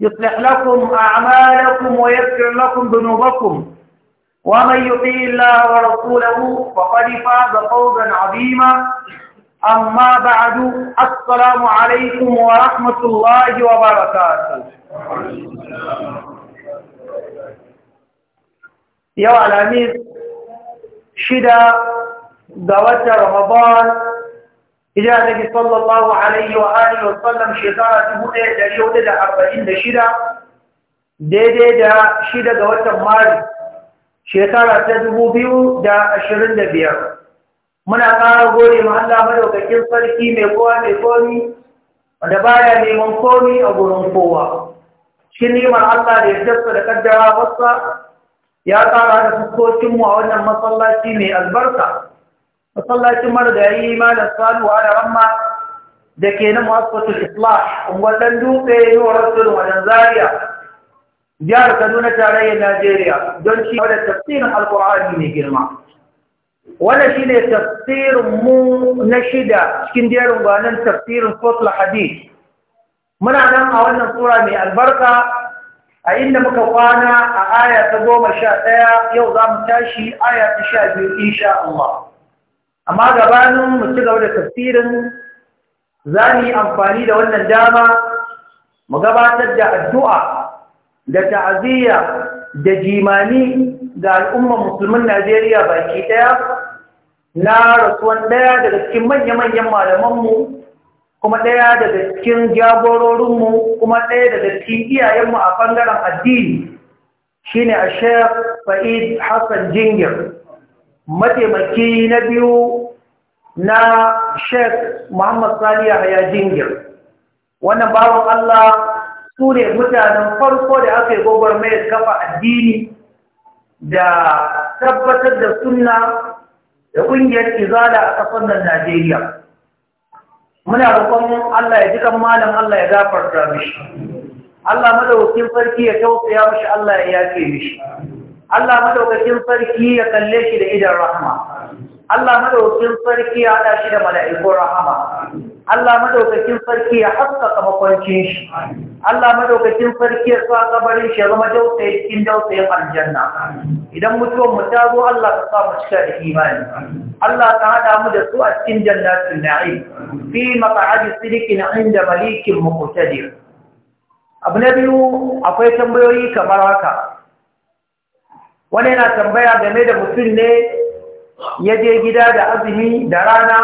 يصلح لكم أعمالكم ويغفر لكم ذنوبكم ومن يطيع الله ورسوله فقد فاز فوزا عظيما أما بعد السلام عليكم ورحمة الله وبركاته يا العميد شدة دوت رمضان Ija da ke sallallahu Alaihi wa Alaihi wa sallam shekara shida, daidai da shida ga watan Mari shekara ta biyar. Muna ƙara gode ma Allah madaukakin sarki mai kowa mai komi wanda ya neman komi a gurin kowa. Cikin neman Allah da ya jasa da kaddara wasa ya ƙara da fuskocinmu a wannan masallaci mai albarka. masallacin mara da yayi malam salu a da ramma da ke na mu'assatul islah wannan dutse yiwuwar rasulun wajen zaria jihar kaduna tarayyar najeriya don shi da tafsirin alkur'ani mai girma wannan shi ne tafsirin mu na shida cikin jerin gwanin tafsirin sotul hadith muna nan a wannan tsura mai albarka a inda muka kwana a aya ta goma sha ɗaya yau za mu tashi aya ta sha biyu insha Allah. amma gabanin mu ci gaba da tafsirin za mu yi amfani da wannan dama mu gabatar da addu'a da ta'aziyya da jimani ga al'ummar musulmin Najeriya baki ɗaya na rasuwan ɗaya daga cikin manya-manyan malamanmu kuma ɗaya daga cikin jagororinmu kuma ɗaya daga cikin iyayenmu a ɓangaren addini shine a shef hassan jingir mataimaki na biyu na Sheikh Muhammad Saliya ya Jingir wannan bawan Allah su ne mutanen farko da aka yi mai kafa addini da tabbatar da sunna da ƙungiyar izala a ƙasar nan Najeriya muna roƙon Allah ya ji kan malam Allah ya gafarta mishi Allah madaukakin sarki ya tausaya mishi Allah ya yake mishi Allah madaukakin sarki ya kalle shi da idan rahma Allah madaukakin sarki ya haɗa shi da mala'ikun rahama Allah madaukakin sarki ya haskaka makwancin shi Allah madaukakin sarki ya sa kabarin shi ya zama dausaye cikin dausayin aljanna idan mutuwan mu ta zo Allah ka sa mu cika da imani Allah ta haɗa mu da su a cikin jannatin na'im fi maq'adi sidiqin 'inda malikin muqtadir abu na biyu akwai tambayoyi kamar haka wani yana tambaya game da mutum ne ya je gida da azumi da rana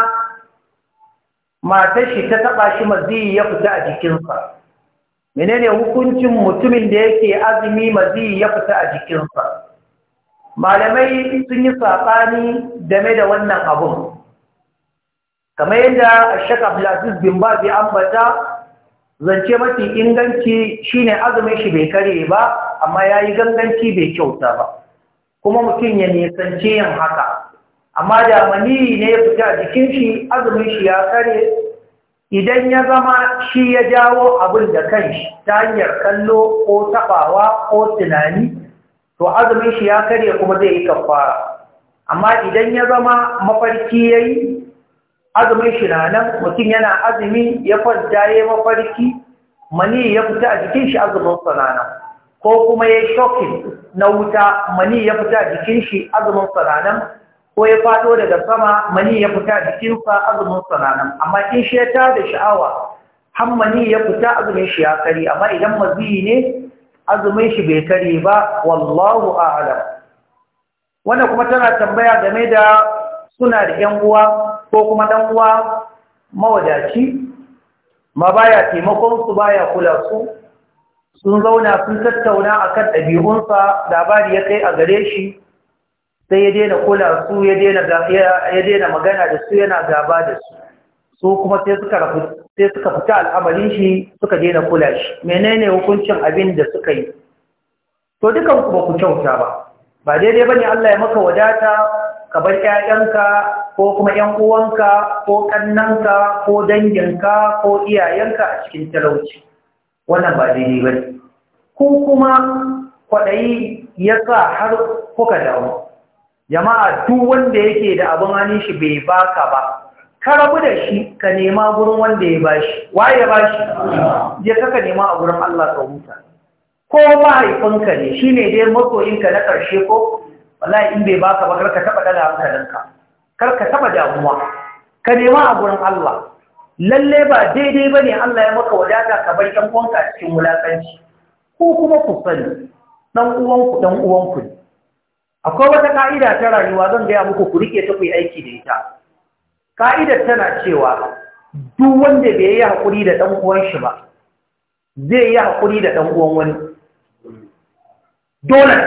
matar shi ta taɓa shi maziyi ya fita a jikinsa menene hukuncin mutumin da yake azumi maziyi ya fita a jikinsa malamai sun yi saɓani game da wannan abun kamar yadda a abdulaziz bin babi ya ambata zance mafi inganci shine azumin shi bai kare ba amma ya yi ganganci bai kyauta ba kuma mutum ya nisance yin haka amma da mani ne ya fita a jikin shi azumin shi ya kare idan ya zama shi ya jawo abin da kanshi ta hanyar kallo ko tabawa ko tunani to azumin shi ya kare kuma zai yi kafara amma idan ya zama mafarki ya yi azumin shi na mutum yana azumi ya kwanta ya mafarki mani ya fita a jikin shi azumin sanana ko kuma ya shokin na wuta mani ya fita a jikin shi azumin sananan ko ya fado daga sama mani ya fita jikinsa azumin sananan amma in shi ya ta da sha'awa har mani ya fita azumin shi ya kari amma idan mazi ne azumin shi bai kari ba wallahu a'lam wannan kuma tana tambaya game da suna da yan uwa ko kuma dan uwa mawadaci ma baya taimakon su baya kula su sun zauna sun tattauna akan ɗabi'unsa labari ya kai a gare shi sai ya daina kula su ya daina magana da su yana gaba da su su kuma sai suka fita al'amarin shi suka daina kula shi menene hukuncin abin da suka yi to dukan ku ba ku kyauta ba ba daidai bane Allah ya maka wadata ka bar ƴaƴanka ko kuma ƴan uwanka ko kannanka ko danginka ko iyayenka a cikin talauci wannan ba daidai bane ko kuma kwaɗayi ya sa har kuka dawo? jama'a duk wanda yake da abin hannun shi bai baka ba ka rabu da shi ka nema gurin wanda ya bashi waye bashi ya kaka nema a gurin Allah ka huta ko mahaifinka ne shine dai ka na karshe ko wallahi in bai baka ba kar ka taba dala hankalinka kar ka taba damuwa ka nema a gurin Allah lalle ba daidai bane Allah ya maka wadata ka bar ɗan uwanka cikin wulakanci ko kuma ku sani ɗan uwanku ɗan uwanku ne akwai wata ka'ida ta rayuwa zan gaya muku ku rike ta ku aiki da ita ka'idar tana cewa duk wanda bai yi haƙuri da ɗan uwan shi ba zai yi haƙuri da ɗan uwan wani dole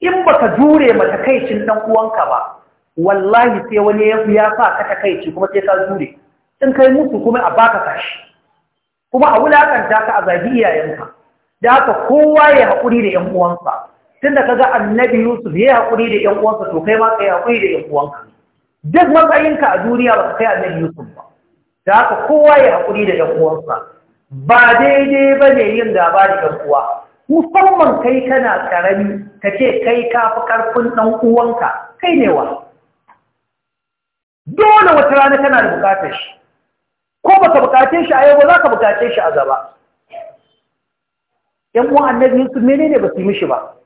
in baka jure ma takaicin ɗan uwanka ba wallahi sai wani ya sa ka takaici kuma sai ka jure in kai musu kuma a baka kashi kuma a wulakanta ka a zabi iyayenka da haka kowa ya haƙuri da ‘yan uwansa tunda kaga annabi Yusuf yayi hakuri da ƴan uwansa to kai ma kai hakuri da ƴan uwanka duk matsayinka a duniya ba ka kai annabi Yusuf ba da haka kowa ya hakuri da ƴan uwansa ba daidai bane yin gaba da ƴan uwa musamman kai kana karami kace kai kafi karfin ɗan uwanka kai ne wa dole wata rana kana da bukatar shi ko baka bukace shi a yau ba za ka bukace shi a gaba yan uwan annabi Yusuf menene ba su yi mishi ba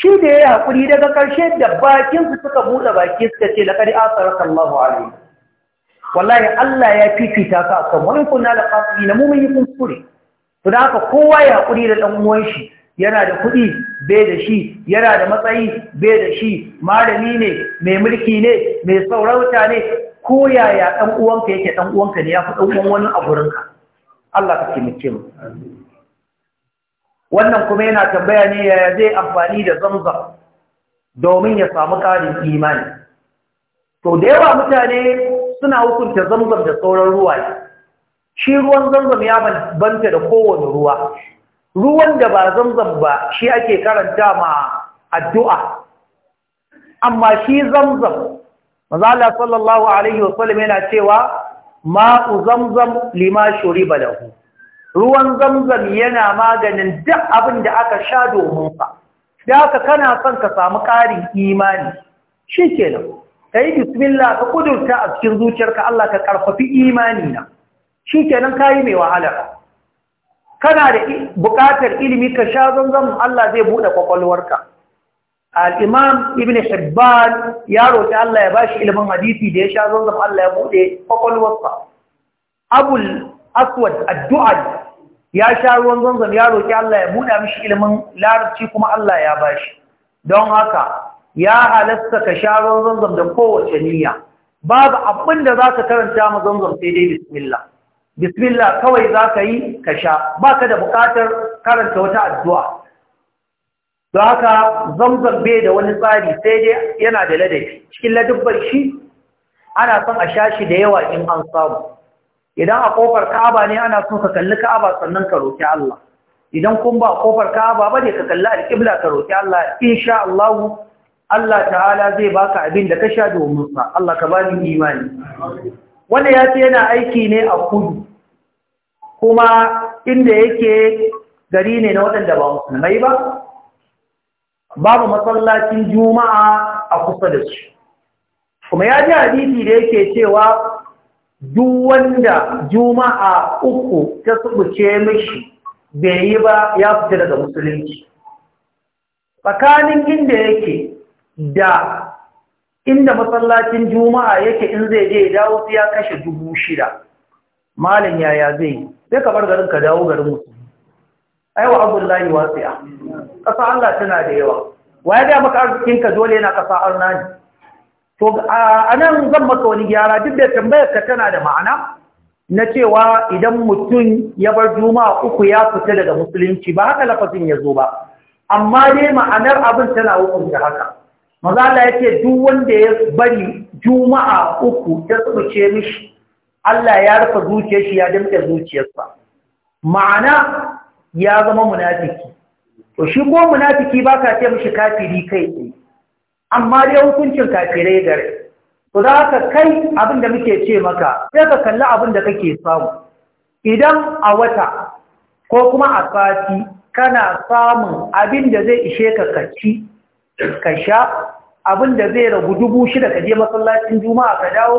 shi da ya yi haƙuri daga ƙarshe da bakinsu suka buɗe baki suka ce laƙari asararka Allahu alaihi wallahi Allah ya fifita ka kan wani kuna da na mumin yi kuskure da haka kowa ya haƙuri da ɗan shi yana da kuɗi be da shi yana da matsayi be da shi malami ne mai mulki ne mai saurauta ne ko yaya ɗan yake ɗan uwanka ne ya fi ɗan wani a gurinka Allah ka taimake mu wannan kuma yana tambaya ne ya zai amfani da zamzam domin ya samu ƙarin imani to da yawa mutane suna hukunta zamzam da sauran ruwa ne. shi ruwan zamzam ya banta da kowane ruwa ruwan da ba zamzam ba shi ake karanta ma addu'a amma shi zamzam mazala sallallahu alaihi wasallam yana cewa ma'u zamzam lima Shuri' balahu ruwan zamzam yana maganin duk abin da aka sha domin sa da haka kana son ka samu ƙarin imani shi kenan ka yi bismillah ka kudurta a cikin zuciyarka Allah ka ƙarfafi imani na shi kenan ka yi mai wahala kana da buƙatar ilimi ka sha zanzan Allah zai buɗe kwakwalwarka al'imam ibn hibban ya roƙi Allah ya ba shi ilimin hadisi da ya sha zanzan Allah ya buɗe ƙwaƙwalwarsa. abul aswad addu'a ya sha ruwan zanzan ya roki Allah ya buɗa mishi ilimin larabci kuma Allah ya bashi don haka ya halasta ka sha ruwan zanzan da kowace niyya babu abin da za ka karanta ma zanzan sai dai bismillah bismillah kawai za ka yi ka sha ba ka da buƙatar karanta wata addu'a don haka zanzan bai da wani tsari sai dai yana da ladabi cikin ladabbar shi ana son a sha shi da yawa in an samu idan a kofar Ka'aba ne ana so ka kalli Ka'aba sannan ka roki Allah idan kun ba kofar Ka'aba bane ka kalli al-Qibla ka roki Allah insha Allah Allah ta'ala zai baka abin da ka sha domin sa Allah ka bani imani wanda ya ce yana aiki ne a kudu kuma inda yake gari ne na waɗanda ba musulmai ba babu masallacin juma'a a kusa da su kuma ya ji hadisi da yake cewa duk wanda juma'a uku ta tsubuce mishi bai yi ba ya fita daga musulunci tsakanin inda yake da inda masallacin juma'a yake in zai je dawo sai ya kashe dubu shida malam yaya zai yi sai ka bar garin ka dawo garin musulmi aiwa abdullahi ya ƙasa Allah tana da yawa Wa ya da maka arzikin dole yana ƙasa arna ne to a nan zan maka wani gyara duk da tambayar tana da ma'ana na cewa idan mutum ya bar juma'a uku ya fita daga musulunci ba haka lafazin ya zo ba amma dai ma'anar abin tana hukunta haka maza Allah yake duk wanda ya bari juma'a uku ta tsubuce mishi Allah ya rufe zuciyar shi ya damke zuciyarsa ma'ana ya zama munafiki to shi ko munafiki baka ce mishi kafiri kai tsaye amma dai hukuncin kafirai da rai ku za ka kai abin da muke ce maka sai ka kalli abin da kake samu idan a wata ko kuma a sati kana samun abin da zai ishe ka kaci ka sha abin da zai ragu dubu shida ka je masallacin juma'a ka dawo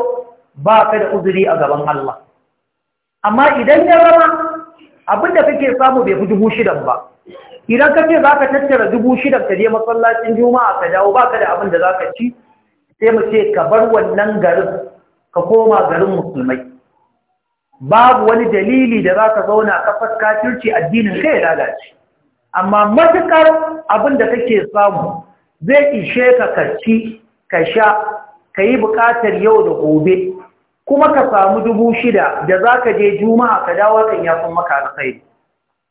ba ka da uzuri a gaban Allah amma idan ya rama da kake samu bai fi dubu shidan ba idan ka za ka tattara dubu shidan ka je masallacin juma'a ka dawo ba ka da abin da za ka ci sai mu ce ka bar wannan garin ka koma garin musulmai babu wani dalili da za ka zauna kafar turci addinin kai lalace amma matuƙar abin da kake samu zai ishe ka ka ci ka sha ka yi buƙatar yau da gobe kuma ka samu dubu shida da za ka je juma'a ka dawo kan ya kun maka alkhairi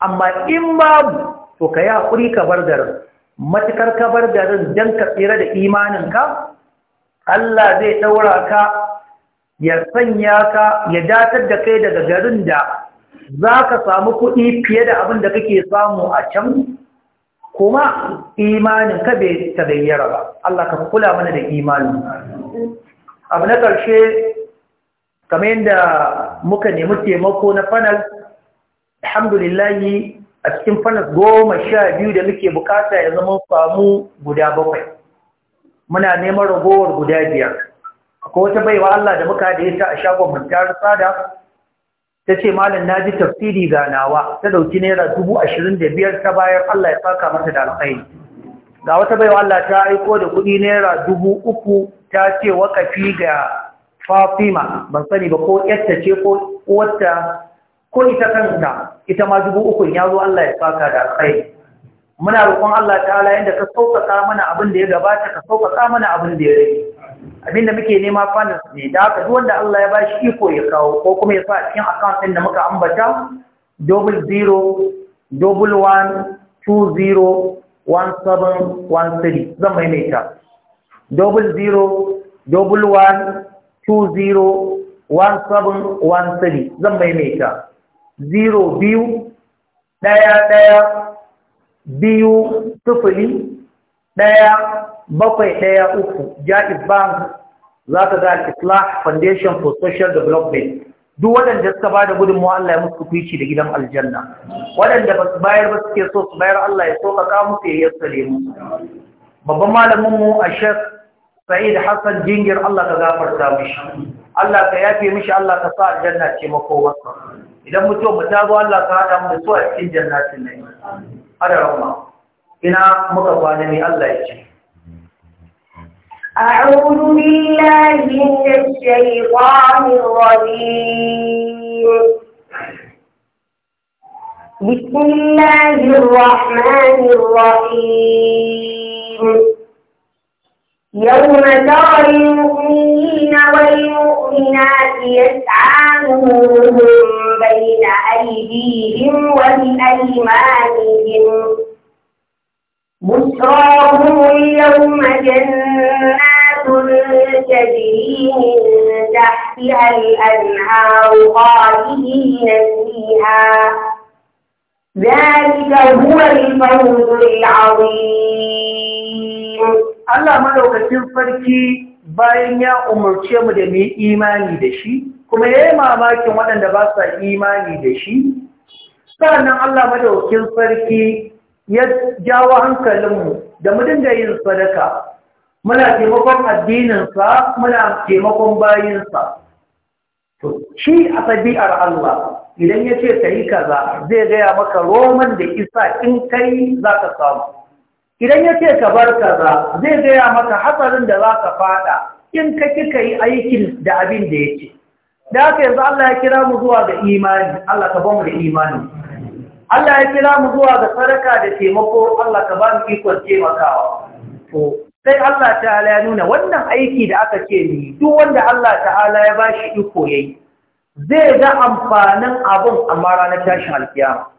amma in babu to ka yi haƙuri ka bar garin matukar ka bar garin don ka tsira da imaninka Allah zai ɗaura ka ya sanya ka ya datar da kai daga garin da za ka samu kuɗi fiye da abin da kake samu a can kuma imanin ka bai tabayyara ba Allah ka kula mana da imanin abu na ƙarshe kamar yadda muka nemi taimako na fanal alhamdulillahi a cikin fanal goma sha biyu da muke bukata ya zama samu guda bakwai muna neman ragowar guda biyar akwai wata baiwa Allah da muka da ta a shagon mantar tsada ta ce malam na ji tafsiri ganawa ta dauki naira dubu ashirin da biyar ta bayar Allah ya saka mata da alkhairi ga wata baiwa Allah ta aiko da kuɗi naira dubu uku ta ce wakafi ga Fatima ban sani ba ko yatta ce ko uwarta ko ita kanta ita ma dubu uku ya zo Allah ya saka da kai muna roƙon Allah ta'ala yanda ka sauƙaƙa mana abin da ya gabata ka sauƙaƙa mana abin da ya rage abin da muke nema fanas ne da haka duk wanda Allah ya ba shi iko ya kawo ko kuma ya sa cikin account ɗin da muka ambata double zero double one two zan maimaita double zero 2017 zan maimaita biyu, ɗaya ɗaya biyu sifili, ɗaya bakwai ɗaya uku jaiz bank za ka ga islah foundation for social development duk waɗanda suka ba da gudunmu Allah ya musu kwici da gidan aljanna waɗanda ba su bayar ba suke so su bayar Allah ya kawo musu ya yassare mu babban malaminmu a shek سعيد حسن جينجر الله تغافر فرسا الله كيافي مش الله كصاع جنة مكوبة إذا متو متابو الله من مسوى في جنة النعيم هذا رغم إنا مكفاني الله يجي أعوذ بالله من الشيطان الرجيم بسم الله الرحمن الرحيم يوم ترى المؤمنين والمؤمنات يسعى نورهم بين أيديهم وبأيمانهم بشراهم اليوم جنات تجري من تحتها الأنهار خالدين فيها ذلك هو الفوز العظيم Allah madaukakin farki bayan ya umarce mu da mu imani da shi kuma ya yi mamakin waɗanda ba sa imani da shi sannan Allah madaukakin farki ya jawo hankalinmu da mu dinga yin sadaka muna taimakon addininsa muna taimakon bayinsa to shi a tabi'ar Allah idan ya ce ka yi kaza zai gaya maka roman da isa in kai za ka samu idan yake ka bar kaza zai gaya maka hatsarin da za ka fada in ka kika yi aikin da abin da ya ce da aka yanzu Allah ya kira mu zuwa ga imani Allah ka bamu da imani Allah ya kira mu zuwa ga sadaka da taimako Allah ka ba ikon taimakawa to sai Allah ta'ala ya nuna wannan aiki da aka ce ni duk wanda Allah ta'ala ya bashi iko yayi zai ga amfanin abun amma ranar tashin alkiyama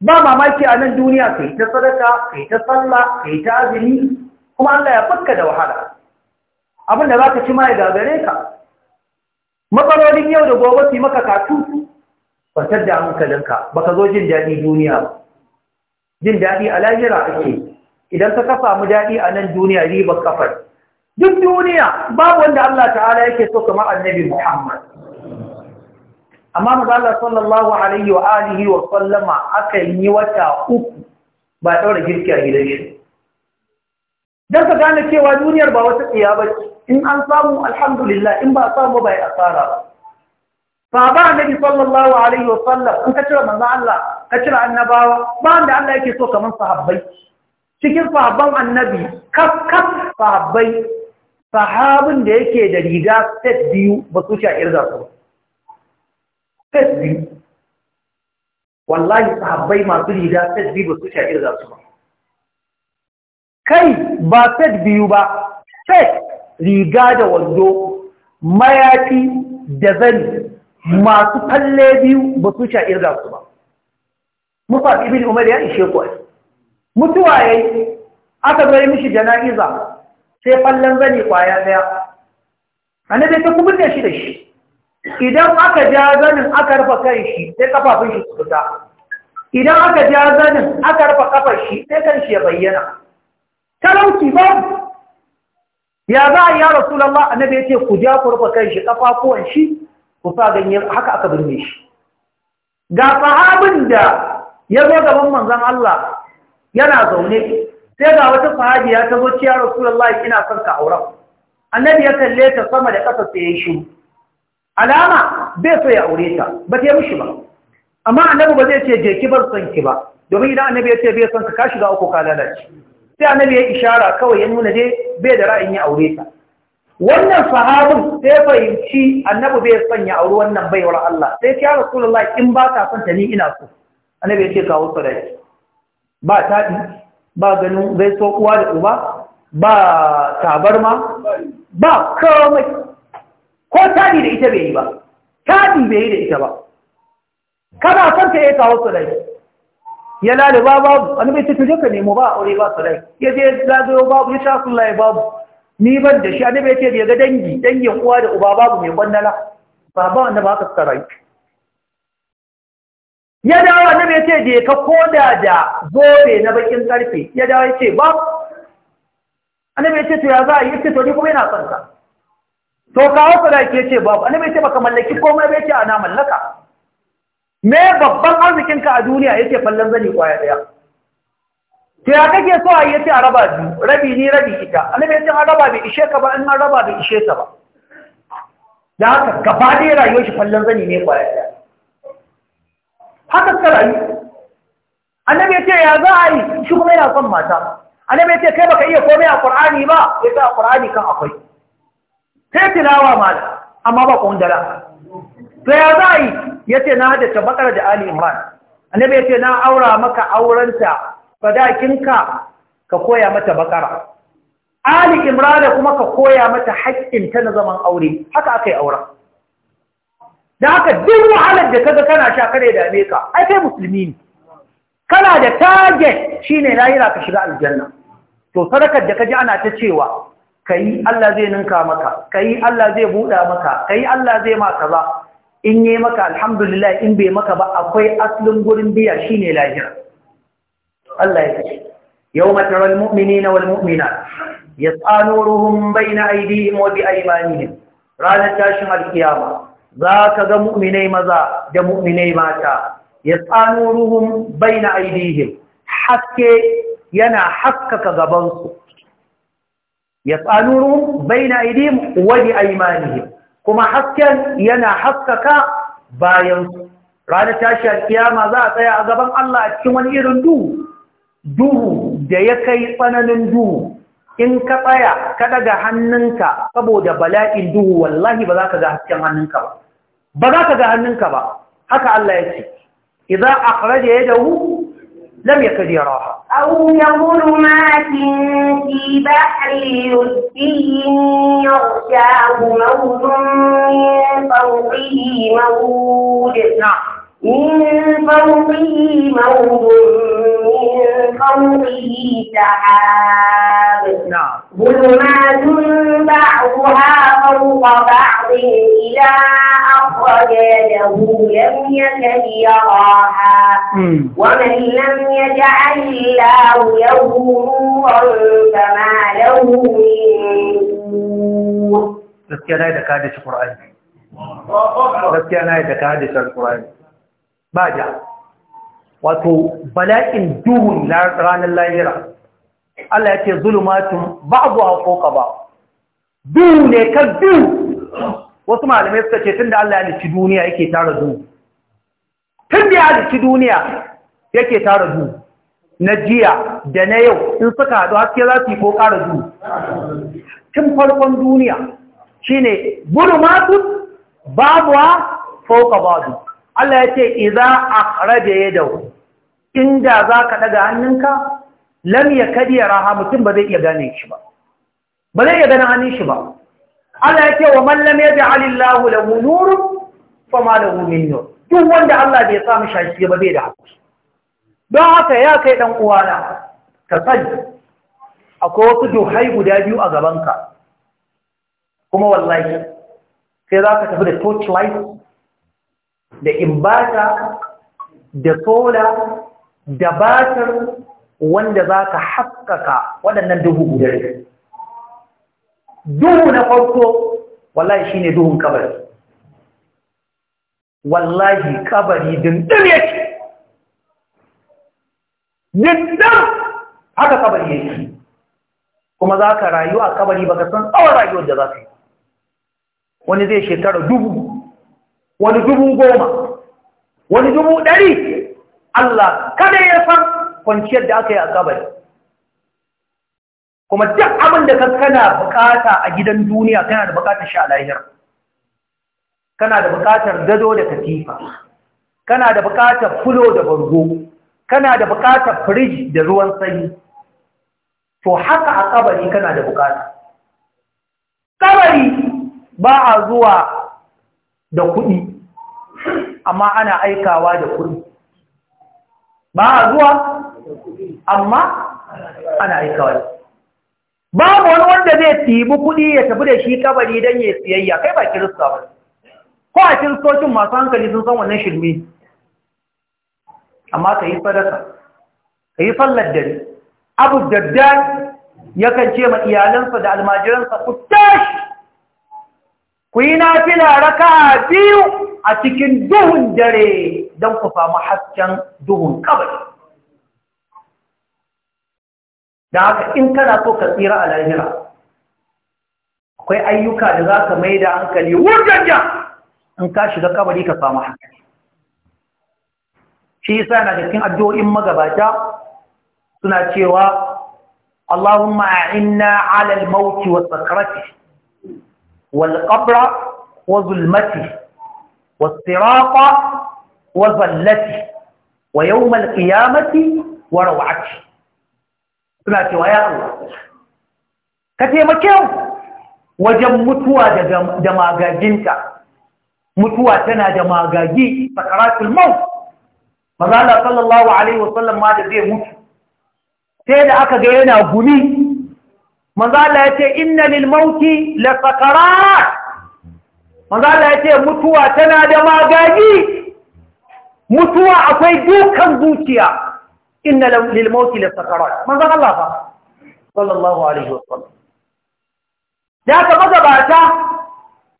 ba mamaki a nan duniya kai ta sadaka kai ta sallah kai ta azumi kuma Allah ya fuska da wahala abin da ka ci mai gagare ka matsalolin yau da gobe su yi maka katu kwantar da hankalinka ka zo jin daɗi duniya ba jin daɗi a lahira ake idan ka kafa mu daɗi a nan duniya ribar kafar duk duniya babu wanda Allah ta'ala yake so kamar annabi Muhammad amma mazala sallallahu alaihi wa alihi wa sallama aka yi wata uku ba daura girki a gidan shi dan ka gane cewa duniyar ba wata tsiya ba in an samu alhamdulillah in ba samu bai asara ba sahaba annabi sallallahu alaihi wa sallam in ka cire manzo Allah ka cire annabawa ba wanda Allah yake so kaman sahabbai cikin sahabban annabi kaf kaf sahabbai sahabin da yake da riga set biyu ba su sha irga su ba set biyu wallahi sahabbai masu riga set biyu ba su sha irga su ba kai ba set biyu ba set riga da wando mayafi da zani masu falle biyu ba su sha irga su ba mufaɗi ibn umar ya ishe ku mutuwa yayi aka zo mishi jana'iza sai fallan zani kwaya daya annabi ta kubuta shi da shi idan aka ja zanin aka rufa kan shi sai kafafun shi idan aka ja zanin aka rufa kafar shi sai kan shi ya bayyana talauci ba ya za a yi rasulallah annabi ya ce ku ja ku rufa kan shi kafafuwan shi ku sa ganye haka aka binne shi ga sahabin da ya zo gaban manzon Allah yana zaune sai ga wata sahabiya ta zo ce ya rasulallah ina son ka auren annabi ya kalle ta sama da ƙasa sai ya shi alama bai so ya aure ta ba ta yi mushi ba amma annabi ba zai ce je ki bar son ki ba domin idan annabi ya ce bai son ka ka shiga uku ka lalace sai annabi ya ishara kawai ya nuna dai bai da ra'ayin ya aure ta wannan sahabin sai fahimci annabi bai son ya auri wannan baiwar Allah sai ya Rasulullahi in ba ka son ta ni ina so annabi ya ce kawo shi ba taɗi ba ganin so uwa da uba ba tabarma ba komai ko tadi da ita bai yi ba tadi bai yi da ita ba kana son ta ya kawo sadaki ya laliba babu wani bai tafi ka nemo ba aure ba sadaki ya je zagayo babu ya sha sullaye babu ni ban da shi annabi ya ce ya ga dangi dangin uwa da uba babu mai bandala ba ba wanda ba ka yi. ya dawo annabi ya ce je ka koda da zobe na bakin karfe ya dawo ya ce ba. annabi ya ce to ya za a yi ce to ni kuma yana son ka to kawo sadaki ke ce babu annabi ya ce baka mallaki komai bai ce ana mallaka me babban arzikin ka a duniya yake fallan zani kwaya daya ke ya kake so a yace a raba biyu rabi ni rabi ita annabi ya ce an raba bai ishe ka ba in an raba bai ishe ta ba da haka gaba ɗaya rayuwar shi fallan zani ne kwaya daya haka suka rayu annabi ya ce ya za a yi shi kuma yana son mata annabi ya ce kai baka iya komai a qur'ani ba ya ce a qur'ani kan akwai sai tilawa mala amma ba kundala to ya za yi ya ce na haddace bakar da ali imran annabi ya ce na aura maka aurenta fadakinka ka koya mata bakara ali imran kuma ka koya mata ta na zaman aure haka aka yi auren da haka duk wahalar da kaga kana sha kare da me ka ai kai musulmi ne kana da target shine lahira ka shiga aljanna to sadakar da kaji ana ta cewa Ka yi Allah zai ninka maka Ka yi Allah zai buɗa maka Ka yi Allah zai ma kaza in yi maka alhamdulillah in bai maka ba akwai asalin gurin biya shi ne lahira Allah ya ce yawma taral mu'minina wal mu'minat yas'a nuruhum bayna aydihim wa bi aymanihim ranar tashin alkiyama za ka ga mu'minai maza da mu'minai mata ya yas'a nuruhum bayna aydihim haske yana haskaka gabansu bai baina aydihim wani a aymanihim kuma hasken yana haskaka bayan ranar tashi alkiyama za a tsaya a gaban Allah a cikin wani irin duhu duhu da ya kai tsananin duhu in ka tsaya ka daga hannunka saboda bala'in duhu wallahi ba za ka ga hasken hannunka ba ba za ka ga hannunka ba haka Allah ya ce idza akhraja yadahu لم يكد يراها أو يظلمات في بحر لجي يغشاه موج من فوقه موج نعم من فوقه موج من فوقه سحاب نعم. ظلمات بعضها فوق بعض إذا أخرج يده لم يكد يراها ومن لم يجعل الله له نورا فما له من gaskiya na yi da kadishin ƙura'ani gaskiya na yi da القرآن. ƙura'ani ba da wato bala'in duhun ranar lahira Allah ya ce zulumatun ba a foka ba duhu ne ka duhu wasu malamai suka ce tun da Allah ya halicci duniya yake tara duhu tun da ya halicci duniya yake tara duhu na jiya da na yau in suka haɗu haske za su yi ko ƙara duhu tun farkon duniya shi shine zulumatun babu a ba ba'du Allah ya ce idza akhraja yadahu inda zaka daga hannunka lam yakad raha mutum ba zai iya gane shi ba ba zai iya ganin hannun shi ba Allah ya ce wa man lam yaj'al Allah lahu nur fa ma lahu min nur duk wanda Allah bai sa mu shi ba bai da don haka ya kai ɗan uwana ka sani akwai wasu duhai guda biyu a gabanka kuma wallahi sai za ka tafi da torchlight da imbata da sola da batar wanda za ka haskaka waɗannan duhu guda duhu na farko wallahi shine duhun kabari wallahi kabari dindin yake dindin haka kabari yake kuma za ka rayu a kabari baka san tsawon rayuwar da za ka yi wani zai shekara dubu wani dubu goma wani dubu ɗari Allah kada ya san kwanciyar da aka yi a kabari kuma duk abin da kana bukata a gidan duniya kana da bukatar shi a kana da bukatar gado da katifa kana da bukatar fulo da bargo kana da bukatar firij da ruwan sanyi to haka a kabari kana da bukata kabari ba a zuwa da kuɗi amma ana aikawa da kuɗi ba a zuwa amma ana aikawa da mu wani wanda zai tibi kuɗi ya tafi da shi kabari don ya siyayya kai ba kirista ba ko a kiristocin masu hankali sun san wannan shirme amma ka yi sadaka ka yi sallar dare abu daddar yakan ce ma iyalansa da almajiransa ku tashi ku yi nafila raka biyu a cikin duhun dare don ku samu hasken duhun kabari da haka in kana so ka tsira a lahira akwai ayyuka da za ka mai da hankali wurganja in ka shiga kabari ka samu hankali shi yasa na cikin addu'o'in magabata suna cewa Allahumma inna 'ala al-maut wa والقبر وظلمته والصراط وظلته ويوم القيامة وروعته سمعت ويا الله كثير كتي مكيو وجم متوى دماء جنتا متوى تنا دماء جي سكرات الموت فقال صلى الله عليه وسلم ماذا بيه متوى سيدة أكا جينا بني manzo Allah ya ce inna lil mauti la sakarat manzo Allah ya mutuwa tana da magaji. mutuwa akwai dukan zuciya inna lil mauti la sakarat manzo Allah fa sallallahu alaihi wasallam da ka magabata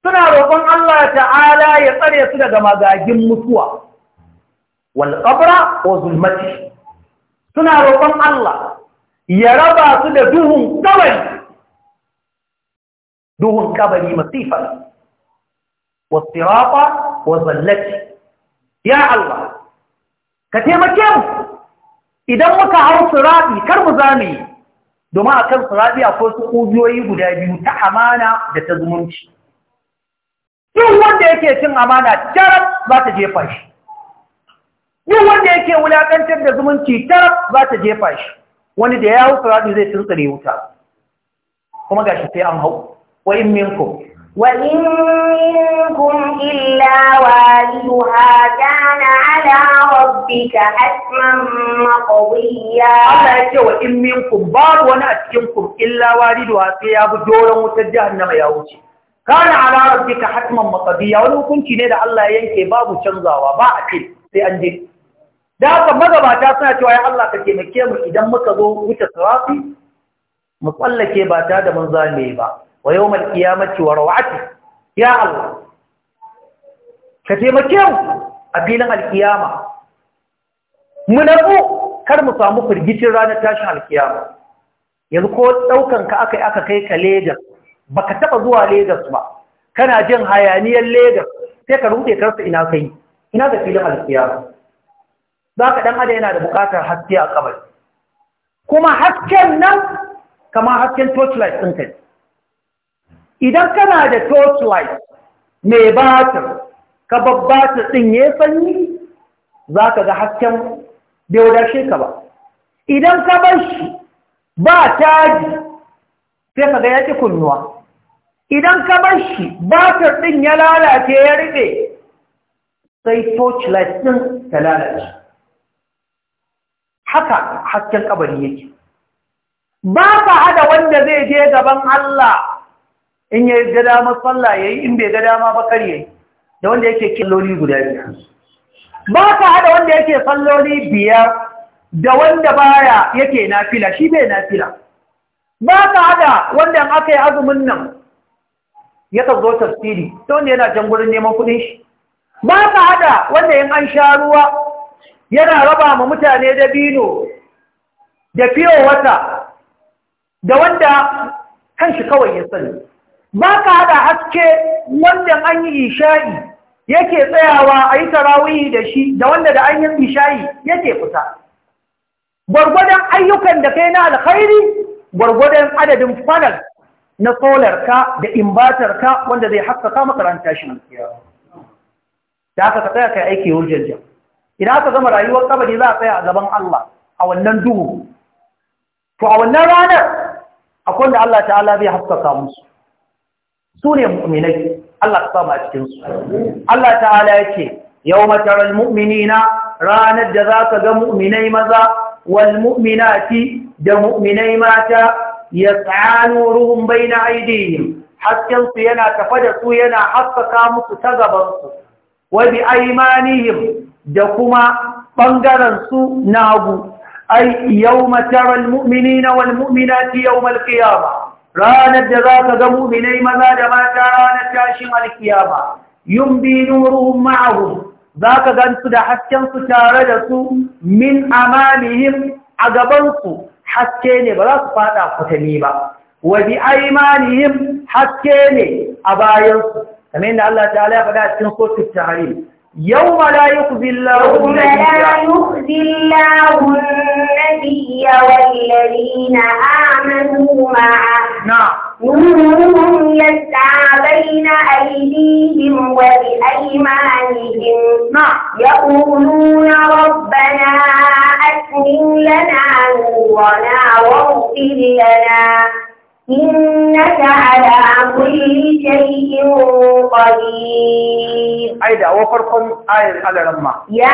suna roƙon Allah ta'ala ya tsare su daga magajin mutuwa wal qabra wa zulmati suna roƙon Allah ya raba su da duhun kabari duhun kabari masifar wasirafa wa zallaci ya Allah ka taimake mu idan muka hau surabi kar mu zame domin a kan surabi akwai su ƙugiyoyi guda biyu ta amana da ta zumunci yin wanda yake cin amana jarab za ta jefa shi yin wanda yake wulaƙancin da zumunci jarab za ta jefa shi wani da ya hau sirati zai tuntsire wuta kuma gashi sai an hau wa in minkum wa in minkum illa waliha kana ala rabbika hatman maqdiya Allah ya ce wa in minkum babu wani a cikin ku illa waliha sai ya bi doron wutar jahannama ya wuce kana ala rabbika hatman maqdiya wani hukunci ne da Allah ya yanke babu canzawa ba a ce sai an je da haka magabata suna cewa ya Allah ka taimake mu idan muka zo wuce sarafi mu tsallake ba ta da mun zame ba wa yawmal qiyamati wa rawati ya Allah ka taimake mu a filin alkiyama mu nabu kar mu samu firgicin ranar tashin alkiyama yanzu ko daukan ka aka aka kai ka Lagos baka taɓa zuwa Lagos ba kana jin hayaniyar Lagos sai ka rude karsa ina kai ina da filin alkiyama za ka ɗan ada yana da buƙatar haske a kabari kuma hasken nan kama hasken torchlight ɗin kai idan kana da torchlight mai batir ka babbatar ɗin ya sanyi za ka ga hasken bai ka ba idan ka bar shi ba taji sai ka ga ya kunnuwa idan ka bar shi batir ɗin ya lalace ya riɓe sai torchlight ɗin ta lalace haka hasken kabari yake ba ka hada wanda zai je gaban Allah in ya ga dama sallah yayi in bai ga dama ba yayi da wanda yake killoli guda biyar ba ka hada wanda yake salloli biyar da wanda baya yake nafila shi bai nafila ba ka hada wanda aka yi azumin nan ya ka zo tafsiri ta wanda yana can neman kudin shi ba ka hada wanda yin an sha ruwa yana raba ma mutane dabino da fiye wata da wanda kanshi kawai ya sani ba ka haɗa haske wanda an yi isha'i yake tsayawa a yi tarawiyi da shi da wanda da an yi isha'i yake fita gwargwadon ayyukan da kai na alkhairi gwargwadon adadin fanal na solarka da imbatarka wanda zai haskaka makaranta shi da haka ka tsaya kai aiki hujjar jama'a idan aka zama rayuwar kabari za a tsaya a gaban Allah a wannan duhu to a wannan ranar akwai da Allah ta'ala zai haskaka musu su ne mu'minai Allah ka samu a cikin su Allah ta'ala yake yawma taral mu'minina ranar da za ka ga mu'minai maza wal mu'minati da mu'minai mata ya yas'a bai na aydihim hasken su yana tafa da su yana haskaka musu ta gabansu. wabi aimanihim da kuma ɓangarensu su na hagu ai yawma taral na wal mu'minati yau qiyamah ranar da zaka ga mu'minai maza da mata ranar tashin alkiyama yumbi nuruhum za zaka gansu da haskensu tare da su min amalihim a gabansu haske ne ba za su fada kutani ba wa aimanihim, haske ne a bayansu أمين الله تعالى فقال تنقص في التعاليم يوم لا يخزي الله يوم لا يخزي الله النبي والذين آمنوا معه نعم نورهم يسعى بين أيديهم وبأيمانهم نعم يقولون ربنا أكمل لنا نورنا واغفر لنا إنك على كل شيء قدير أيضا وفرقم آية على رمى يا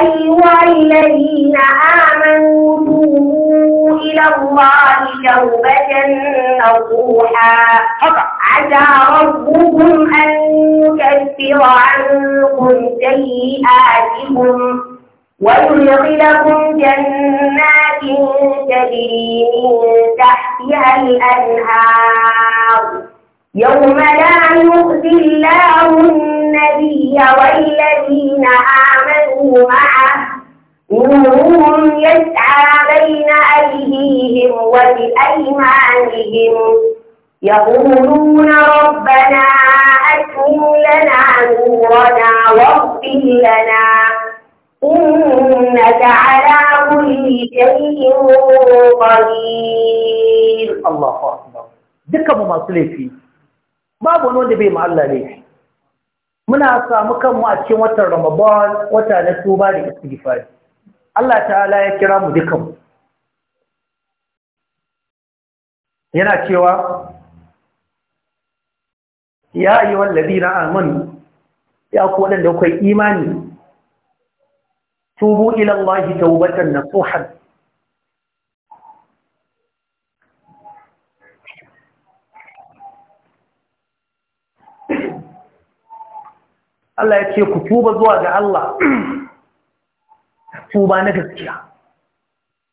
أيها الذين آمنوا توبوا إلى الله توبة نصوحا عسى ربكم أن يكفر عنكم سيئاتكم ويدخلكم جنات تجري من تحتها الأنهار يوم لا يخزي الله النبي والذين آمنوا معه نورهم يسعى بين أيديهم وبأيمانهم يقولون ربنا أتم لنا نورنا واغفر لنا إنك على كل شيء قدير الله أكبر dukkan mu masu laifi babu wani wanda bai ma Allah laifi muna samu kanmu a cikin watan Ramadan wata na tuba da istighfar Allah ta'ala ya kira mu dukkan mu yana cewa ya ayyuhal ladina amanu ya ku wadanda kuka imani tubu ila Allah tawbatan nasuhan Allah ya ce ku tuba zuwa ga Allah tuba na gaskiya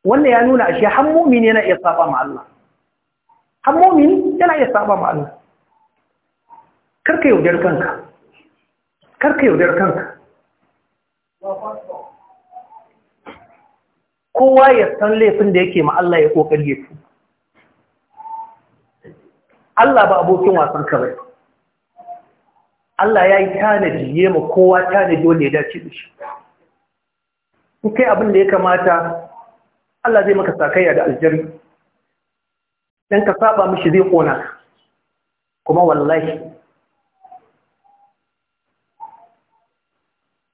wannan ya nuna ashe har yana iya saba ma Allah har yana iya saba ma Allah karka yaudar kanka karka yaudar kanka kowa ya san laifin da yake ma Allah ya kokari ya tuba Allah ba abokin wasan ka Allah ya yi tanadi ya ma kowa tanadi wanda ya dace da shi in kai abin da ya kamata Allah zai maka sakayya da aljari dan ka saba mishi zai kona kuma wallahi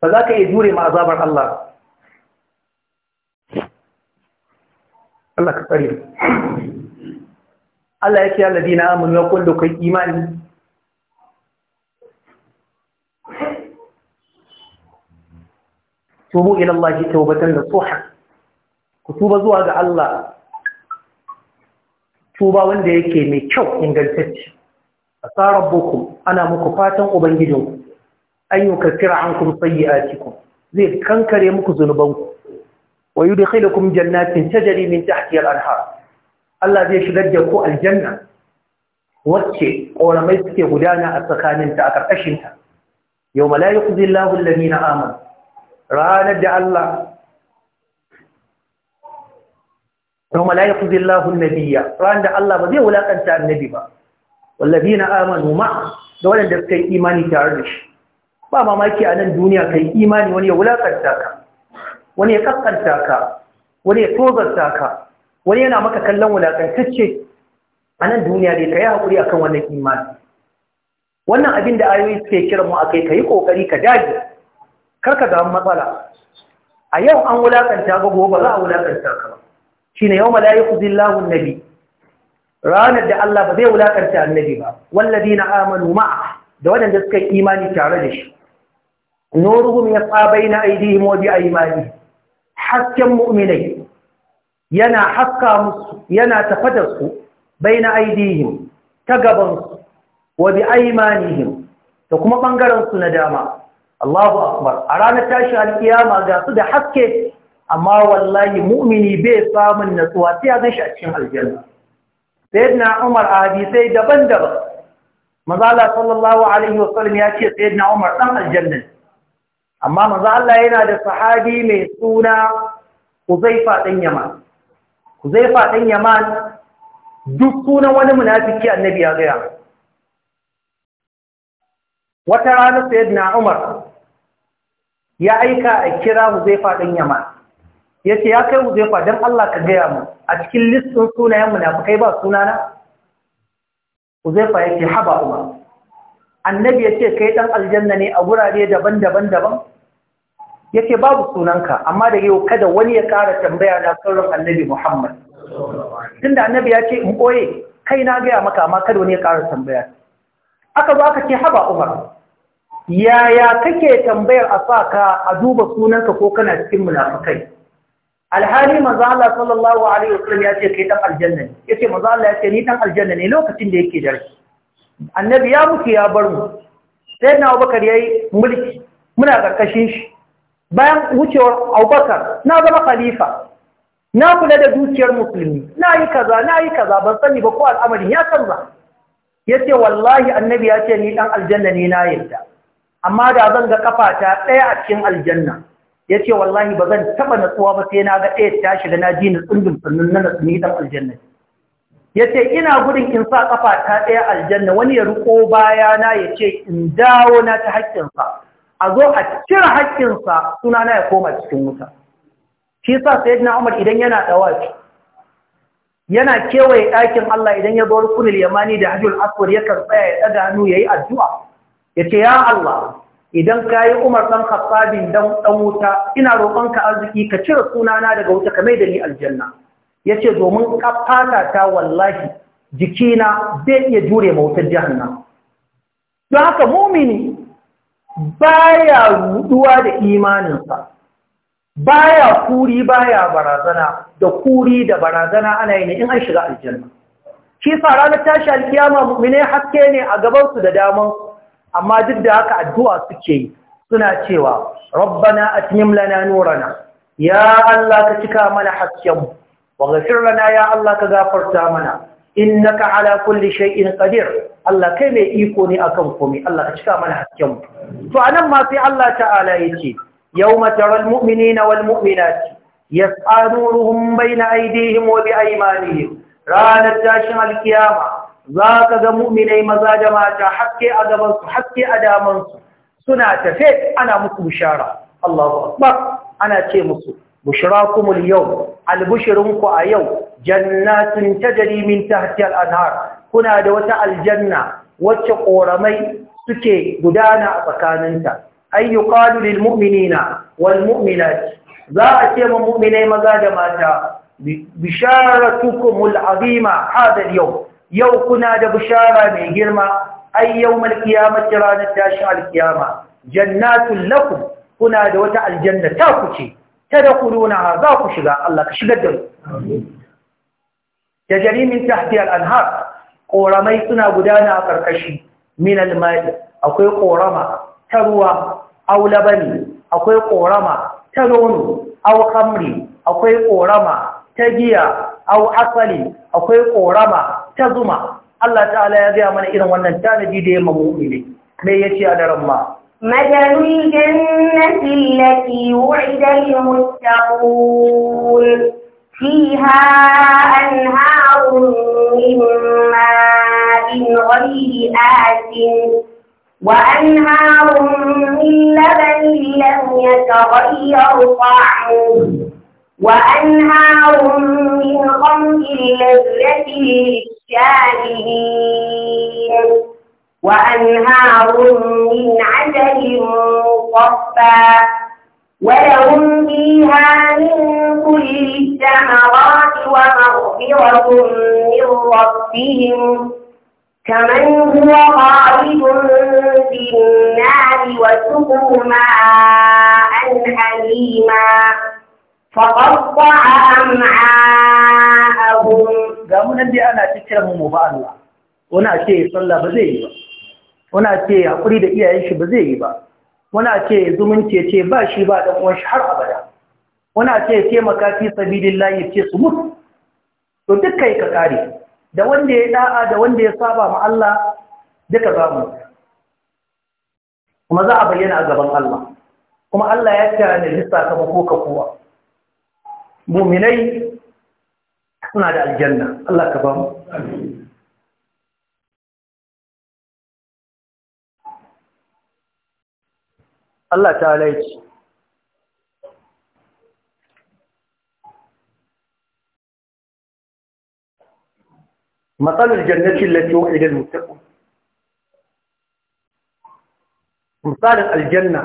ba za ka iya jure ma azabar Allah Allah ka tsare Allah yake alladina amanu ya kullu kai imani tubu ila Allah tawbatan ku tuba zuwa ga Allah tuba wanda yake mai kyau ingantacce asa rabbukum ana muku fatan ubangijinku an sayi ankum sayyi'atikum zai kankare muku zunubanku wa kuma jannatin tajri min ta al-anhar Allah zai shigar da ku aljanna wacce ƙoramai suke gudana a tsakaninta a ƙarƙashinta yau mala'iku zillahu lalina amur ranar da Allah yau ranar da Allah ba zai wulaƙanta annabi ba na amanu ma da waɗanda suka yi imani tare da shi ba mamaki a nan duniya ka yi imani wani ya wulaƙanta ka wani ya kaskanta ka wani ya tozarta ka wani yana maka kallon wulakantacce a nan duniya ne ka yi haƙuri a kan wannan imani wannan abin da ayoyi suke kiran mu a kai ka yi ƙoƙari ka dage kar ka matsala a yau an wulakanta ga gobe za a wulaƙanta ka shi ne yau mala'iku zillahun nabi ranar da Allah ba zai wulakanta annabi ba wallazi na amanu ma'a da waɗanda suka yi imani tare da shi nuruhum ya tsabai na aidihim wa bi aimani hasken mu'minai yana haska musu yana tafatar su baina aidihim ta gabansu wa bi aimanihim da kuma ɓangaren su na dama Allahu akbar a ranar tashi alkiyama ga su da haske amma wallahi mu'mini bai samun natsuwa sai ya gan shi a cikin aljanna sayyidina Umar a hadisai daban-daban mazala sallallahu alaihi wasallam ya ce sayyidina Umar dan aljanna amma Maza Allah yana da sahabi mai suna Huzaifa ɗan Yaman Huzaifa ɗan Yaman duk sunan wani munafiki annabi ya gaya wata rana na Umar ya aika a kira Huzaifa ɗan Yaman ce ya kai Huzaifa Don Allah ka gaya mu a cikin listin sunayen munafikai ba sunana Huzaifa yake haba Umar annabi ya ce kai ɗan aljanna ne a gurare daban-daban daban ya ce babu sunanka amma da yau kada wani ya ƙara tambaya na sauran annabi muhammad tun da annabi ya ce in ɓoye kai na gaya maka amma kada wani ya ƙara tambaya aka zo aka ce haba umar yaya kake tambayar a sa ka a duba sunanka ko kana cikin munafukai alhali manzo Allah sallallahu alaihi wasallam ya ce kai dan aljanna ne yace manzo Allah ya ce ni dan aljanna ne lokacin da yake da annabi ya mutu ya bar mu sai na abubakar ya yi mulki muna ƙarƙashin shi bayan wucewar abubakar na zama khalifa na kula da dukiyar musulmi na yi kaza na yi kaza ban sani ba ko al'amarin ya canza ya ce wallahi annabi ya ce ni ɗan aljanna ne na yarda amma da zan ga ta ɗaya a cikin aljanna ya ce wallahi ba zan taɓa natsuwa ba sai na ga ɗaya ta shiga na ji na tsundun sannan na ni ɗan aljanna ne yace ina gudun in sa kafa ta ɗaya aljanna wani ya riko baya na yace in dawo na ta haƙƙinsa a zo a cire haƙƙinsa sa suna na ya koma cikin wuta shi yasa sayyidina Umar idan yana dawaci yana kewaye ɗakin Allah idan ya zo rukunin yamani da hajjul aswad ya karɓa ya ɗaga hannu yayi addu'a yace ya Allah idan kayi Umar ɗan Khattabin dan wuta ina roƙonka arziki ka cire sunana daga wuta ka mai da ni aljanna ya ce domin kafata ta wallahi jikina bai iya jure mautar jihanna don haka mumini ya ruduwa da imaninsa Ba baya kuri ya barazana da kuri da barazana ana yi ne in an shiga aljanna shi fara ranar tashi alkiyama mummune haske ne a gabansu da daman amma duk da haka addu'a suke yi suna cewa rabbana atmim lana nurana ya Allah ka cika mana haskenmu waghfir lana ya Allah ka gafarta mana innaka ala kulli shay'in qadir Allah kai mai iko ne akan komai Allah ka cika mana hakkin to anan ma sai Allah ta'ala yake yawma taral mu'minina wal mu'minati yas'a nuruhum bayna aydihim wa bi aymanihim ranar tashin alkiyama za ka ga mu'minai maza da mata hakke a gaban su hakke a daman su suna tafe ana musu bishara Allahu akbar ana ce musu bushrakum al-yawm al-bushrunku a yau jannatin tajri min tahtiha al-anhar kuna da wata aljanna wacce ƙoramai suke gudana a tsakaninta ay yuqalu lil mu'minina wal mu'minat za a ce ma mu'minai maza da mata bisharatukum al-azima hada yau. yau kuna da bishara mai girma ai yau malkiyamati ranar tashi alkiyama jannatul lakum kuna da wata aljanna ta ku ce tadkhulunaha za ku shiga Allah ka shiga da mu ya jari min al-anhar Ƙoramai suna gudana a ƙarƙashi. min al akwai ƙorama. ta ruwa aw labani akwai ƙorama. ta nono au kamri, akwai ƙorama. ta giya au asali akwai ƙorama. ta zuma Allah ta'ala ya gaya mana irin wannan tanadi da ya mamu ne ya yace a daren ma مثل الجنة التي وعد المتقون فيها أنهار من ماء غير آت وأنهار من لبن لم يتغير طعمه وأنهار من خمر لذة للشاربين وأنهار من عسل مصفى ولهم فيها من كل الثمرات ومغفرة من ربهم كمن هو خالد في النار وسقوا ماء حليما فقطع أمعاءهم قاموا munan أنا ana cikin mu صلى بزيد. wana ce haƙuri da iyayen shi ba zai yi ba wana ce zumunci ya ce ba shi ba ɗan uwan shi har abada wana ce ya taimaka fi ya ce su mutu to duk yi ka kare da wanda ya da'a da wanda ya saba ma Allah duka za mu kuma za a bayyana a gaban Allah kuma Allah ya kira ne lissa ta ka kowa muminai suna da aljanna Allah ka ba mu الله تعالى مثل الجنة التي وعد المتقون مطل الجنة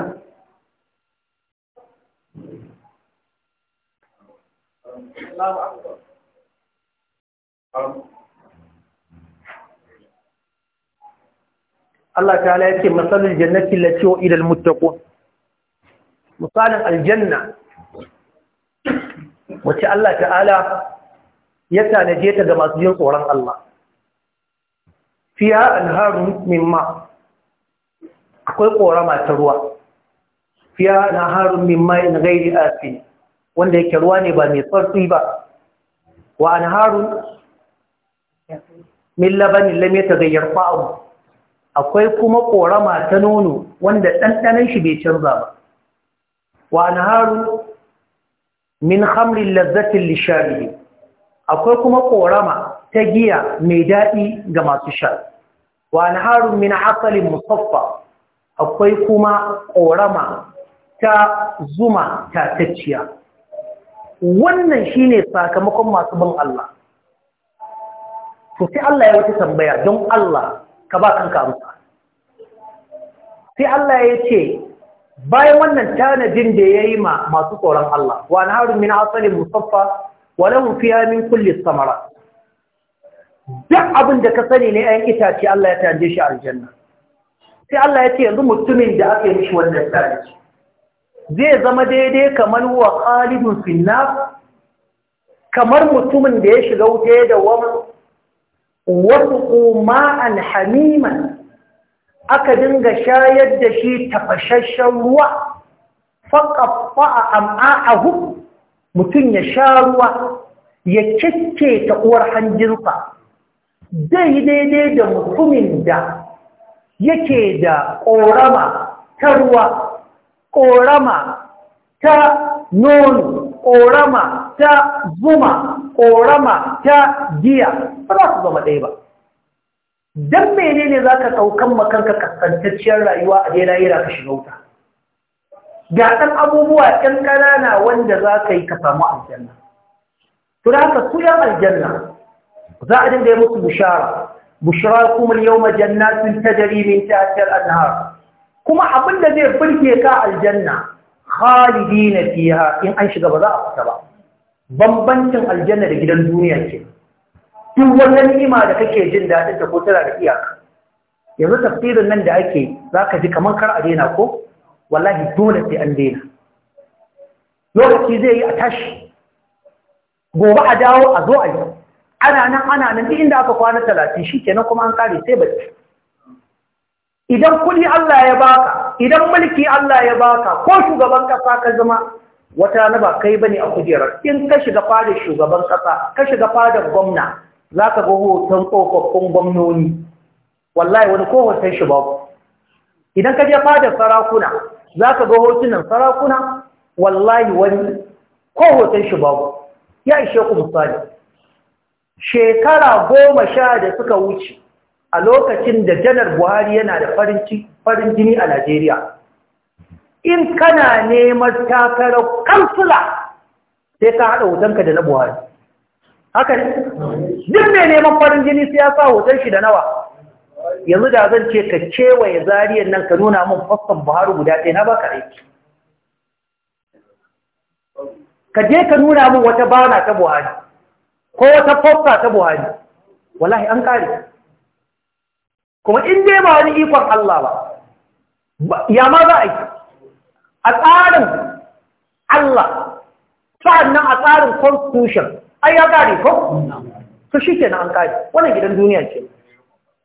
الله تعالى يقول مثل الجنة التي وإلى المتقون misalin aljanna wacce Allah ta'ala ya tanaje ta ga masu yin tsoron Allah fiya alharu min ma akwai korama ta ruwa fiya alharu min ma in gairi afi wanda yake ruwa ne ba mai tsarki ba wa alharu min labanin lam yataghayyar fa'u akwai kuma korama ta nono wanda ɗanɗanon shi bai canza ba wa haru min khamrin lazzatin lishari? akwai kuma korama ta giya mai daɗi ga masu sha wa anharun min asalin musaffa akwai kuma korama ta zuma tatacciya wannan shine sakamakon masu bin Allah to sai Allah ya wata tambaya don Allah ka ba kanka amsa sai Allah ya ce bayan wannan tanadin da ya yi ma masu tsoron Allah wa na harin min asalin musaffa wa lahu fiha min kulli samara duk abin da ka sani ne ayan itace Allah ya tanje shi aljanna sai Allah ya ce yanzu mutumin da aka yi shi wannan tanaji zai zama daidai kamar wa khalidun finna kamar mutumin da ya shiga wuta da wasu wasu ma'an hamiman aka dinga shayar da shi tafashashen ruwa faƙafa a am'a'ahu mutum ya sha ruwa ya cike ta uwar zai daidai da mutumin da yake da ƙorama ta ruwa ƙorama ta nono ƙorama ta zuma ƙorama ta giya ba za su zama ɗaya ba dan menene zaka daukan makanka kasantacciyar rayuwa a dai lahira ka shiga wuta ga ɗan abubuwa ɗan ƙanana wanda za ka yi ka samu aljanna to da haka su yan aljanna za a dinga yi musu bushara bushara kuma yau sun ta jari min tafiyar annahar kuma abin da zai burge ka aljanna khalidi na fiya in an shiga ba za a fita ba bambancin aljanna da gidan duniya ke duk wata ni'ima da kake jin daɗin da ko tana da iyaka yanzu tafsirin nan da ake za ka ji kamar kar a daina ko wallahi dole sai an daina lokaci zai yi a tashi gobe a dawo a zo a yi ana nan ana nan duk inda aka kwana talatin shi kenan kuma an kare sai bacci idan kuɗi Allah ya baka idan mulki Allah ya baka ko shugaban ƙasa ka zama wata na ba kai bane a kujerar in ka shiga fadar shugaban ƙasa ka shiga fadar gwamna za ka ga hoton tsofaffin gwamnoni wallahi wani ko hoton shi ba idan ka je fadar sarakuna za ka ga hotunan sarakuna wallahi wani ko hoton shi ba ya ishe ku misali shekara goma sha da suka wuce a lokacin da janar buhari yana da farin jini a najeriya in kana neman takarar kansula sai ka haɗa hotonka da na buhari haka ne duk mai neman farin jini sai ya sa hoton shi da nawa yanzu da zan ce ka kewaye zariyar nan ka nuna min fassan buhari guda ɗaya na baka aiki ka je ka nuna min wata bana ta buhari ko wata fassa ta buhari wallahi an kare kuma in dai ba wani ikon Allah ba ya ma za a yi a tsarin Allah sa'annan a tsarin constitution ai ya kare ko to shi ke na an kare wannan gidan duniya ce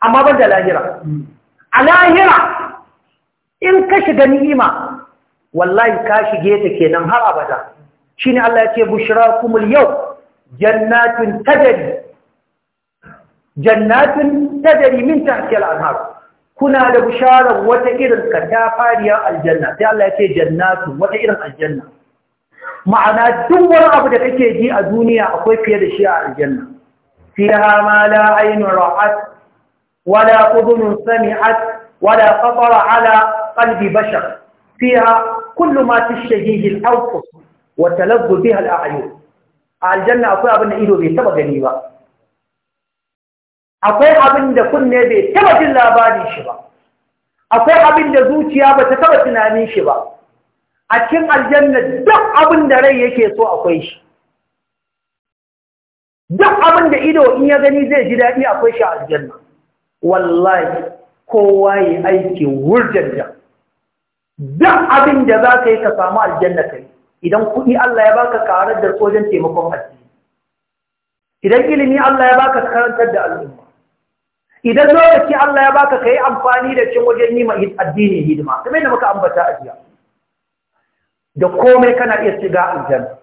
amma ban da lahira a lahira in ka shiga ni'ima wallahi ka shige ta kenan har abada shine Allah ya ce bushrakumul yau jannatun tajri jannatin tajri min ta al-anhar kuna da bisharar wata irin katafariyar aljanna sai Allah ya ce jannatin wata irin aljanna ma'ana duk wani abu da kake ji a duniya akwai fiye da shi a aljanna fiha ma la aynu ra'at wala udhun sami'at wala khatara ala qalbi bashar fiha kullu ma tashtahihi al-anfus wa talazzu biha al-a'yun aljanna akwai abin da ido bai taba gani ba akwai abin da kunne bai taba jin labarin shi ba akwai abin da zuciya ba ta taba tunanin shi ba a cikin aljanna duk abin da rai yake so akwai shi duk abin da ido in ya gani zai ji daɗi akwai shi a aljanna wallahi kowa ya aiki wurjanja duk abin da za ka yi ka samu aljanna kai idan kuɗi Allah ya baka karar da sojan taimakon addini idan ilimi Allah ya baka karantar da al'umma idan lokaci Allah ya baka ka yi amfani da cin wajen yi ma addini hidima kamar da muka ambata a jiya da komai kana iya shiga aljanna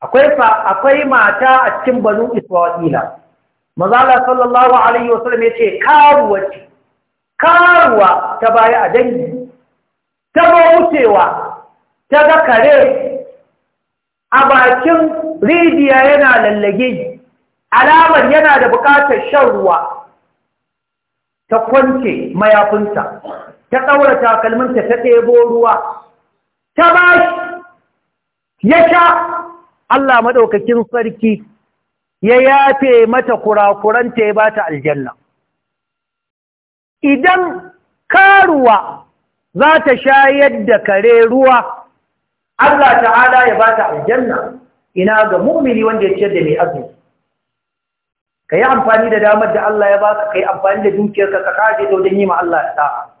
akwai akwai mata a cikin banu isra'ila Allah sallallahu alaihi wasallam yace karuwa ce karuwa ta baya a dangi ta ba wucewa ta ga kare a bakin ridiya yana lallage alamar yana da bukatar shan ruwa ta kwance mayafinta ta ɗaura takalminta ta ɗebo ruwa ta ba ya sha Allah maɗaukakin sarki ya yafe mata kurakuran ta ya ba ta aljanna idan karuwa za ta shayar da kare ruwa Allah ta'ala ya ba ta aljanna ina ga mummini wanda ya ciyar da mai azumi ka yi amfani da damar da Allah ya baka ka yi amfani da dukiyarka ka kaje da wajen yi ma Allah da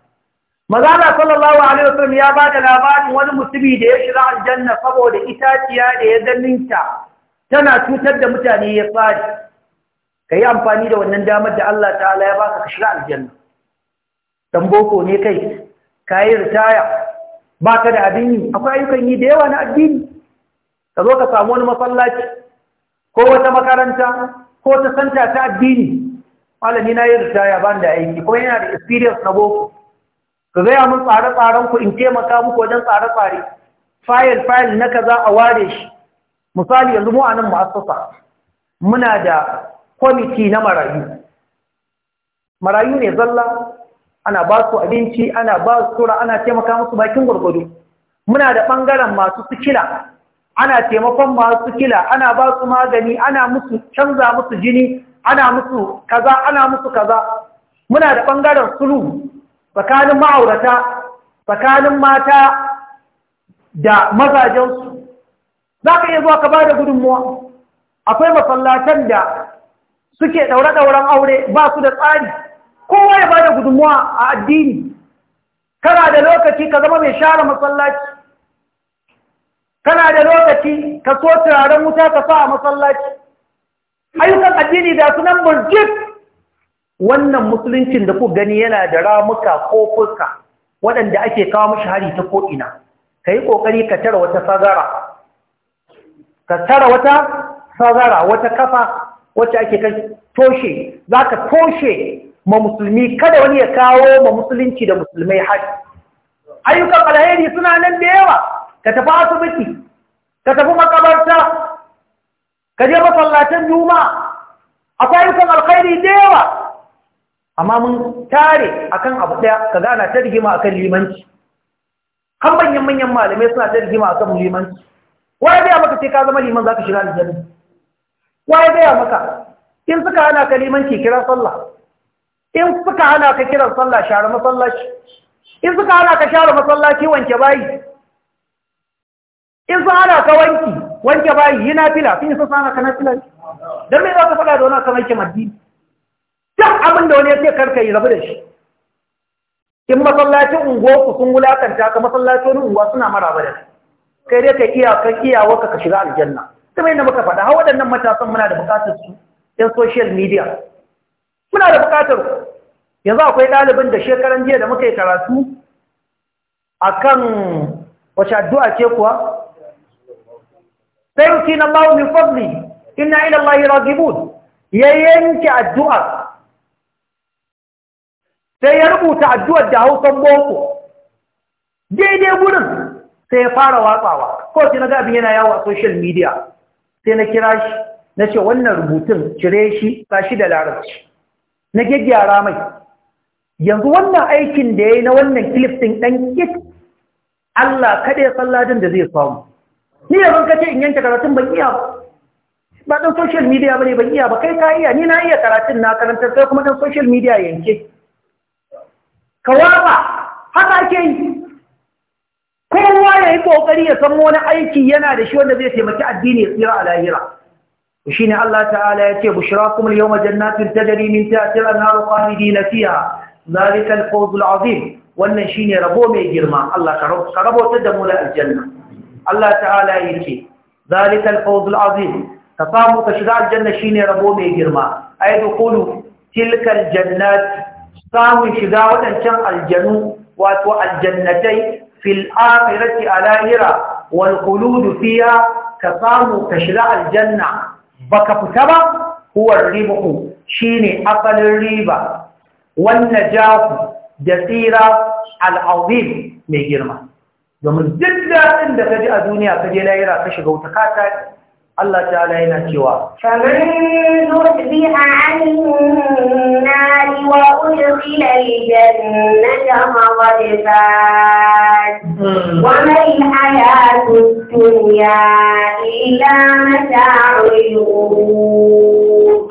Mazala sallallahu Alaihi wasallam ya ba da labarin wani mutumi da ya shiga aljanna saboda itaciya da ya ganinta tana cutar da mutane ya tsari. Ka yi amfani da wannan damar da Allah ta'ala ya baka ka shiga aljanna. Dan boko ne kai, ka yi ritaya, ba ka da abin yi, akwai ayyukan yi da yawa na addini. Ka zo ka samu wani masallaci, ko wata makaranta, ko wata santa ta addini. Malami na yi ritaya ni da aiki, kuma yana da experience na boko. ka gaya mun tsare-tsaren ku in taimaka muku wajen tsare-tsare fayil fayil na za a ware shi misali yanzu mu'anin ma'asasa muna da kwamiti na marayu marayu ne zalla ana ba su abinci ana ba su tura ana taimaka musu bakin gwargwado muna da ɓangaren masu sikila ana taimakon masu sikila ana ba su magani ana musu canza musu jini ana musu kaza ana musu kaza muna da ɓangaren sulhu tsakanin ma'aurata tsakanin mata da mazajensu za ka iya zuwa ka ba da gudunmuwa akwai masallatan da suke ɗaure-ɗauren aure ba su da tsari kowa ya ba da gudunmuwa a addini kana da lokaci ka zama mai share masallaci kana da lokaci ka so turaren wuta ka sa a masallaci ayyukan addini da su nan burjik wannan musuluncin da ku gani yana da ramuka ko fuska waɗanda ake kawo mashi hari ta ko'ina ka yi ƙoƙari ka tara wata sazara, ka tara wata sagara wata kafa wacce ake kan toshe za ka toshe ma musulmi kada wani ya kawo ma musulunci da musulmai hari ayyukan alheri suna nan da yawa ka tafi asibiti ka tafi makabarta ka je masallacin juma'a akwai ayyukan alkhairi da yawa amma mun tare akan abu daya ka ana ta rigima akan limanci kan manyan manyan malamai suna ta rigima akan limanci waye gaya maka sai ka zama liman zaka shiga aljanna waye gaya maka in suka hana ka limanci kira sallah in suka hana ka kiran sallah share masallaci in suka hana ka share masallaci wanke bayi in sun hana ka wanki wanke bayi yi nafila sun yi sun hana ka nafila don me za ka faɗa da wani kamar kimar dini duk abin da wani ya ce karka yi rabu da shi in masallacin unguwarku sun wulakanta ka masallacin unguwa suna maraba da shi kai dai ka iya kan iyawarka ka shiga aljanna kuma yadda muka faɗa har waɗannan matasan muna da buƙatar su ɗan social media muna da buƙatar ku yanzu akwai ɗalibin da shekaran jiya da muka yi karatu a kan wace addu'a ce kuwa sai yuki na mawu min fadli inna ya yanke addu'ar sai ya rubuta addu'ar da hausan boko daidai gurin sai ya fara watsawa ko sai na ga yana yawo a social media sai na kira shi na ce wannan rubutun cire shi shi da larabci na gyaggyara mai yanzu wannan aikin da ya yi na wannan kilifin ɗin ɗan kit Allah kaɗe ya da zai samu ni yanzu ka ce in yanke karatun ban iya ba ɗan social media ba ne ban iya ba kai ka iya ni na iya karatun na karantar sai kuma ɗan social media yanke ka wafa haka ake yi kowa ya yi ƙoƙari ya san wani aiki yana da shi wanda zai taimaki addini ya tsira a lahira shine Allah ta'ala ya ce bushrakum al-yawma ta, tajri min tahtiha al-anharu khalidina fiha zalika al-fawz al-azim wannan shine rabo mai girma Allah ka rabo da mu aljanna Allah ta'ala ya ce al-fawz al-azim ka samu ka shiga aljanna shine rabo mai girma ay dukulu tilka al-jannat samun shiga waɗancan aljanu wato aljannatai fil akhirati alahira wal khulud fiha ka samu ka shiga aljanna baka fita ba huwa rib'u shine asalin riba wannan jahu da tsira al'azim mai girma domin duk daɗin da ka ji a duniya ka je lahira ka shiga wuta ka Allah ta'ala yana cewa faman zurbiha 'anil wa udkhila al-jannata faqad hmm. wa ma al dunya illa mata'ul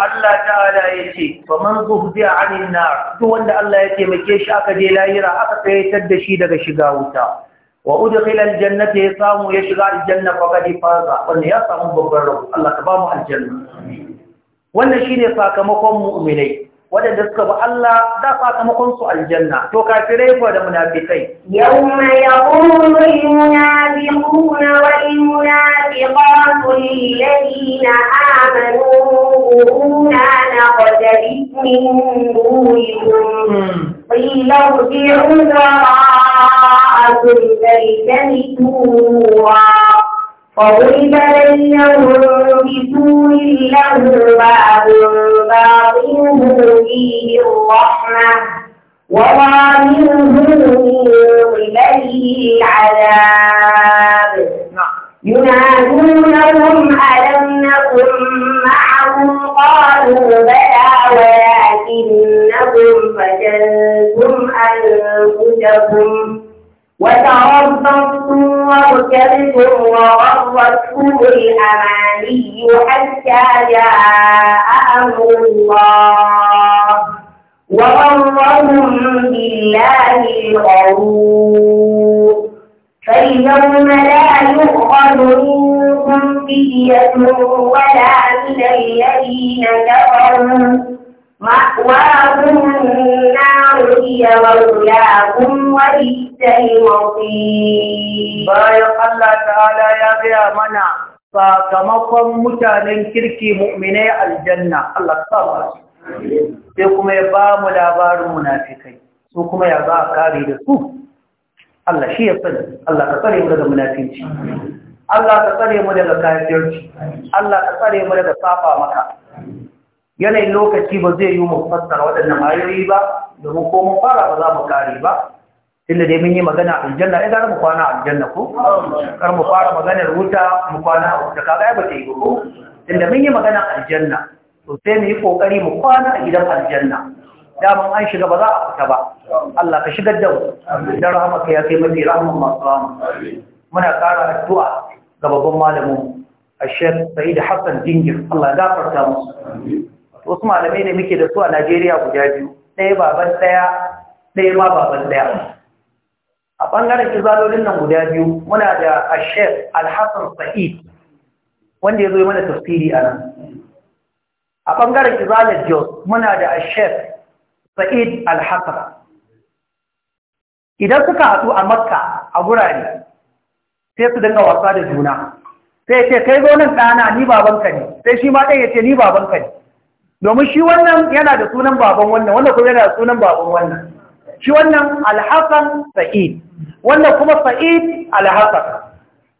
Allah ta'ala yace faman zurbiha 'anil nar duk wanda Allah ya taimake shi aka je lahira aka tsayar da shi daga shiga wuta wa udkhila aljannata ya samu ya shiga aljanna faqad faza wannan ya samu babban rabo Allah ka ba mu aljanna wannan shine sakamakon mu'minai waɗanda suka bi Allah da sakamakon su aljanna to kafirai ko da munafikai yawma yaqulu al-munafiquna wal munafiqatu lilladheena amanu qulna naqtadi min dunikum qila irji'u ila وقل ليتني فضرب بينهم بسور له باب باطنه فيه الرحمة وما وظاهره من قبله العذاب ينادونهم ألم نكن معهم قالوا بلى ولكنكم فتنتم أنفسكم وتربصتم وارتبتم وغرتكم الأماني حتى جاء أمر الله وغرهم بالله الغرور فاليوم لا يؤخذ منكم فدية ولا من الذين كفروا مأواهم النار هي مولاهم وبئس المصير بايق الله تعالى يا بيا منع sakamakon mutanen kirki mu'minai aljanna Allah ta ba su sai kuma ya ba mu labarin munafikai su kuma ya za a kare da su Allah shi ya sani Allah ka tsare mu daga munafinci Allah ka tsare mu daga kafirci Allah ka tsare mu daga safa maka yanayin lokaci ba zai yi mu fassara waɗannan ayoyi ba domin ko mun fara ba za mu kare ba tunda dai mun yi magana aljanna ai gara mu kwana aljanna ko kar mu fara maganar wuta mu kwana a wuta kaga ai ba ta yi ko tunda mun yi magana aljanna to sai mu yi kokari mu kwana a gidan aljanna daman an shiga ba za a fita ba Allah ka shigar da mu da rahmaka ya kai mafi rahman masu rahama muna ƙara addu'a ga babban malamin a Sheikh Sa'id Hassan Dingir Allah ya gafarta musu wasu malamai ne muke da su a Najeriya guda biyu ɗaya baban ɗaya ɗaya ma baban ɗaya a ɓangaren kizalolin nan guda biyu muna da ashef alhassan sa'id wanda ya zo mana tafsiri a nan a ɓangaren kizalar jos muna da ashef sa'id alhassan idan suka haɗu a makka a gurare sai su dinga wasa da juna sai ce kai zo nan ɗana ni babanka ne sai shi ma ɗaya ce ni babanka ne domin shi wannan yana da sunan baban wannan wannan kuma yana da sunan baban wannan shi wannan alhassan sa'id wannan kuma sa'id alhassan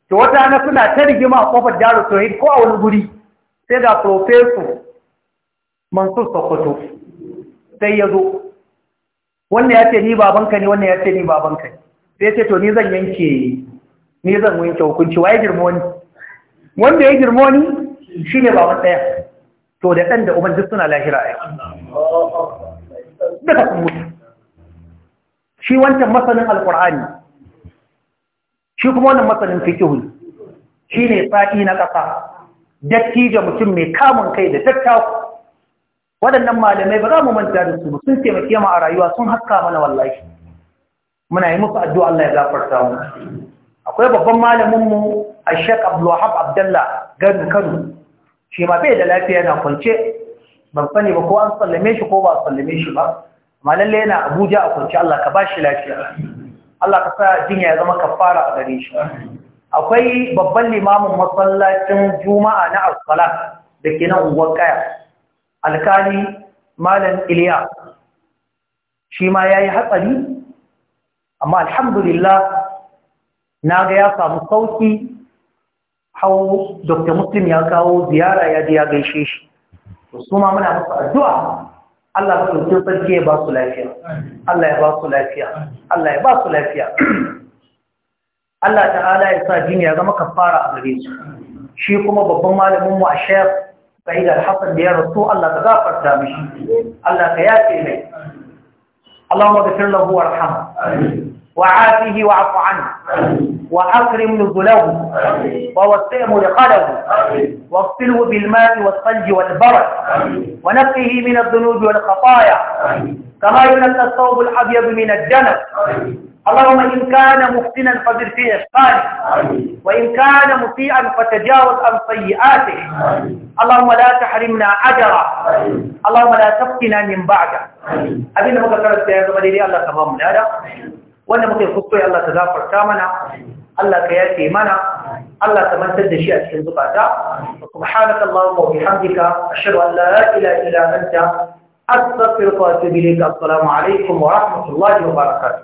to wata ana suna ta rigima a kofar jaru sa'id ko a wani guri sai ga profesor mansur sokoto sai ya zo wannan ya ce ni babanka ne wannan ya ce ni babanka ne sai ya ce to ni zan yanke ni zan wanke hukunci waye girmo ni wanda ya girmo ni shine baban ɗaya to da ɗan da uban duk suna lahira ai duka sun mutu shi wancan masanin alkur'ani shi kuma wannan masanin fikihu shi ne sa'i na ƙasa dattijo mutum mai kamun kai da dattaku waɗannan malamai ba za mu manta da su sun taimake mu a rayuwa sun haska mana wallahi muna yi musu addu'a Allah ya gafarta mu akwai babban malamin mu shek Abdulwahab Abdullah Gani Kano shi ma bai da lafiya yana kwance ban sani ba ko an sallame shi ko ba sallame shi ba amma lalle yana Abuja a kwance Allah ka bashi lafiya Allah ka sa jinya ya zama kafara a gare shi akwai babban limamin masallacin Juma'a na Asfala da ke nan unguwar Kaya alkali Malam Iliya shi ma yayi hatsari amma alhamdulillah na ga ya samu sauki hau dr muslim ya kawo ziyara ya je ya gaishe shi su ma muna musu addu'a Allah su sun sarki ya ba su lafiya Allah ya ba su lafiya Allah ya ba su lafiya Allah ta'ala ya sa jini ya zama kafara a gare su shi kuma babban malamin mu a shayar sa'id al-hasan da ya rasu Allah ka gafarta mishi Allah ka yafe mai Allahumma ghfir lahu warhamhu wa afihi wa afu anhu وأكرم نزله ووسعه لخله واغسله بالماء والثلج والبرد ونقه من الذنوب والخطايا كما ينقى الثوب الأبيض من الجنب اللهم إن كان مفتنا فزر في إحسانه وإن كان مطيئا فتجاوز عن سيئاته اللهم لا تحرمنا أجرا اللهم لا تفتنا من بعده أبينا مكرر سيئة مريري الله تبارك وتعالى وأنا muka yi الله Allah ta Allah ka yafe mana Allah ka mantar da shi a cikin zukata subhanakallahu allahumma wa bihamdika ashhadu an la ilaha illa anta astaghfiruka wa atubu ilayk assalamu alaikum wa rahmatullahi wa barakatuh